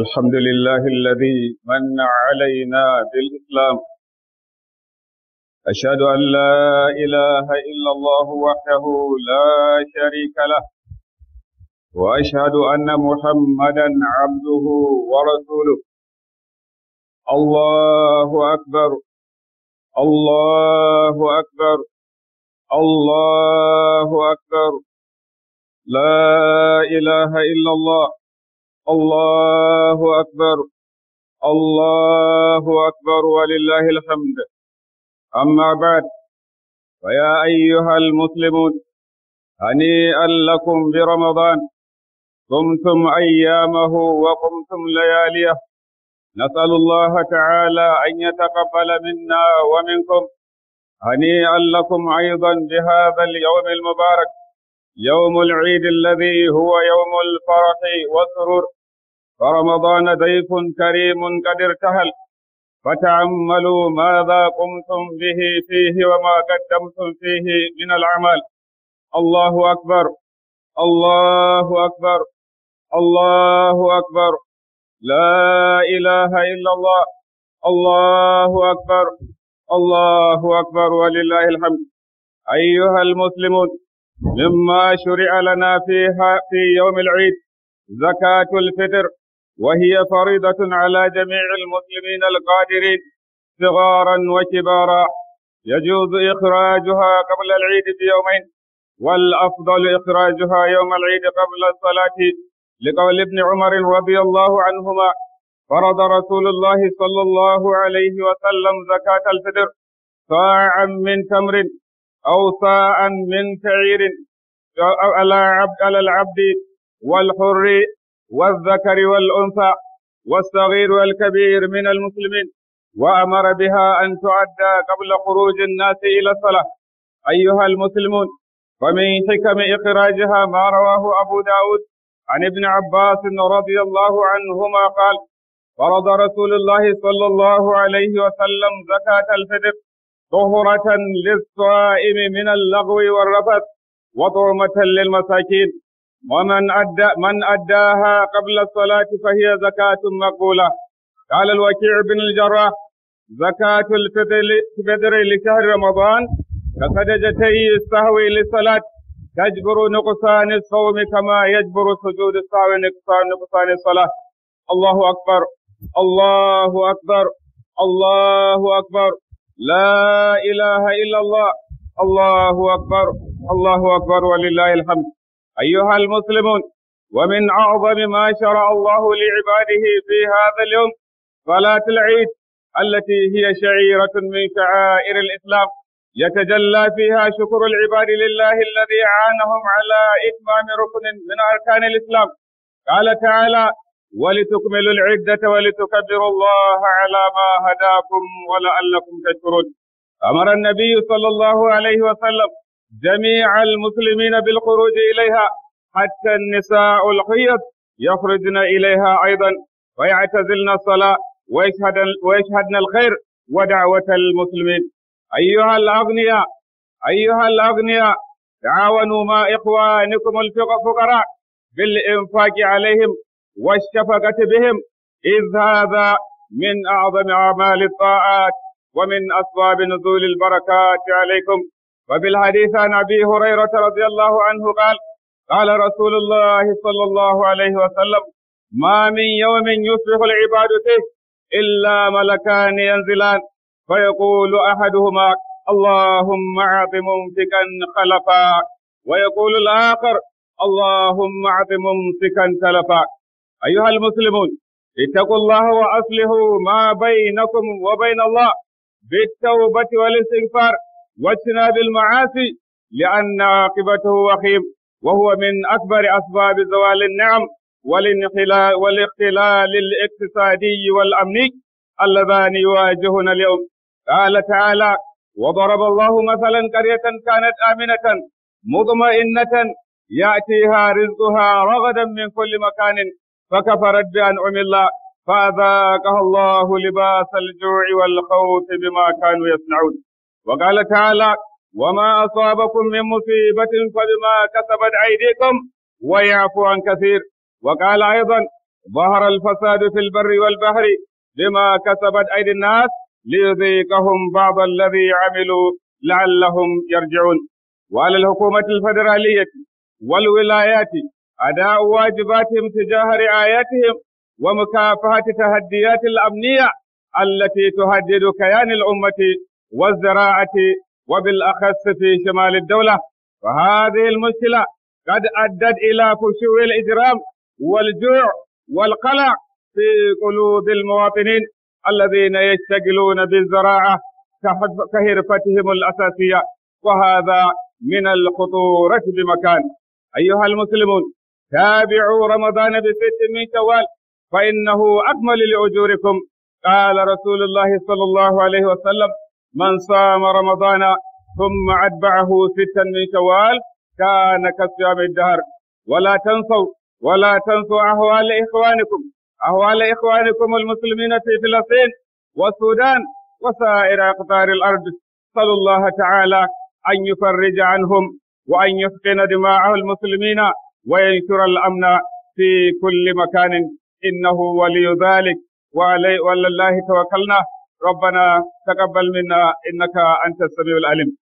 الحمد لله الذي من علينا بالإسلام أشهد أن لا إله إلا الله وحده لا شريك له وأشهد أن محمدا عبده ورسوله الله أكبر الله أكبر الله أكبر لا إله إلا الله الله أكبر الله أكبر ولله الحمد أما بعد فيا أيها المسلمون هنيئا لكم برمضان قمتم أيامه وقمتم لياليه نسأل الله تعالى أن يتقبل منا ومنكم هنيئا لكم أيضا بهذا اليوم المبارك يوم العيد الذي هو يوم الفرح والسرور فرمضان ضيف كريم قد ارتهل فتأملوا ماذا قمتم به فيه وما قدمتم فيه من العمل الله أكبر الله أكبر الله أكبر لا إله إلا الله الله أكبر الله أكبر ولله الحمد أيها المسلمون مما شرع لنا فيها في يوم العيد زكاة الفطر وهي فريضة على جميع المسلمين القادرين صغارا وكبارا يجوز إخراجها قبل العيد بيومين والأفضل إخراجها يوم العيد قبل الصلاة لقول ابن عمر رضي الله عنهما فرض رسول الله صلى الله عليه وسلم زكاة الفطر صاعا من تمر أو صاعا من شعير على العبد والحر والذكر والأنثى والصغير والكبير من المسلمين وأمر بها أن تعدى قبل خروج الناس إلى الصلاة أيها المسلمون ومن حكم إخراجها ما رواه أبو داود عن ابن عباس رضي الله عنهما قال فرض رسول الله صلى الله عليه وسلم زكاة الفطر طهرة للصائم من اللغو والرفث وطعمة للمساكين ومن أدى من أداها قبل الصلاة فهي زكاة مقبولة قال الوكيع بن الجراح زكاة الفطر لشهر رمضان كصدجتي السهو للصلاة تجبر نقصان الصوم كما يجبر سجود السهو نقصان نقصان الصلاة الله أكبر الله أكبر الله أكبر لا إله إلا الله الله أكبر الله أكبر ولله الحمد أيها المسلمون ومن أعظم ما شرع الله لعباده في هذا اليوم صلاة العيد التي هي شعيرة من شعائر الإسلام يتجلى فيها شكر العباد لله الذي عانهم على إتمام ركن من أركان الإسلام قال تعالى ولتكملوا العدة ولتكبروا الله على ما هداكم ولعلكم تشكرون أمر النبي صلى الله عليه وسلم جميع المسلمين بالخروج إليها حتى النساء الخيط يخرجن إليها أيضا ويعتزلن الصلاة ويشهدن, ويشهدن الخير ودعوة المسلمين أيها الأغنياء أيها الأغنياء تعاونوا مع إخوانكم الفقراء بالإنفاق عليهم والشفقة بهم إذ هذا من أعظم أعمال الطاعات ومن أسباب نزول البركات عليكم وفي الحديث عن أبي هريرة رضي الله عنه قال قال رسول الله صلى الله عليه وسلم ما من يوم يصبح العباد فيه إلا ملكان ينزلان فيقول أحدهما اللهم أعط ممسكا خلفا ويقول الآخر اللهم أعط ممسكا تلفا أيها المسلمون اتقوا الله وأصلحوا ما بينكم وبين الله بالتوبة والاستغفار واجتناب المعاصي لأن عاقبته وخيم وهو من أكبر أسباب زوال النعم والاختلال الاقتصادي والأمني اللذان يواجهنا اليوم قال تعالى وضرب الله مثلا قرية كانت آمنة مطمئنة يأتيها رزقها رغدا من كل مكان فكفرت بأنعم الله فأذاقها الله لباس الجوع والخوف بما كانوا يصنعون وقال تعالى وما أصابكم من مصيبة فبما كسبت أيديكم ويعفو عن كثير وقال أيضا ظهر الفساد في البر والبحر بما كسبت أيدي الناس ليذيقهم بعض الذي عملوا لعلهم يرجعون وعلى الحكومة الفدرالية والولايات أداء واجباتهم تجاه رعايتهم ومكافحة تحديات الأمنية التي تهدد كيان الأمة والزراعة وبالأخص في شمال الدولة فهذه المشكلة قد أدت إلى فشو الإجرام والجوع والقلق في قلوب المواطنين الذين يشتغلون بالزراعة كهرفتهم الأساسية وهذا من الخطورة بمكان أيها المسلمون تابعوا رمضان بست من شوال فإنه أكمل لأجوركم قال رسول الله صلى الله عليه وسلم من صام رمضان ثم أتبعه ستا من شوال كان كصيام الدهر ولا تنسوا ولا تنسوا أهوال إخوانكم أهوال إخوانكم المسلمين في فلسطين والسودان وسائر أقطار الأرض صلى الله تعالى أن يفرج عنهم وأن يسقن دماء المسلمين وينشر الأمن في كل مكان إنه ولي ذلك ولله توكلنا ربنا تقبل منا إنك أنت السميع العليم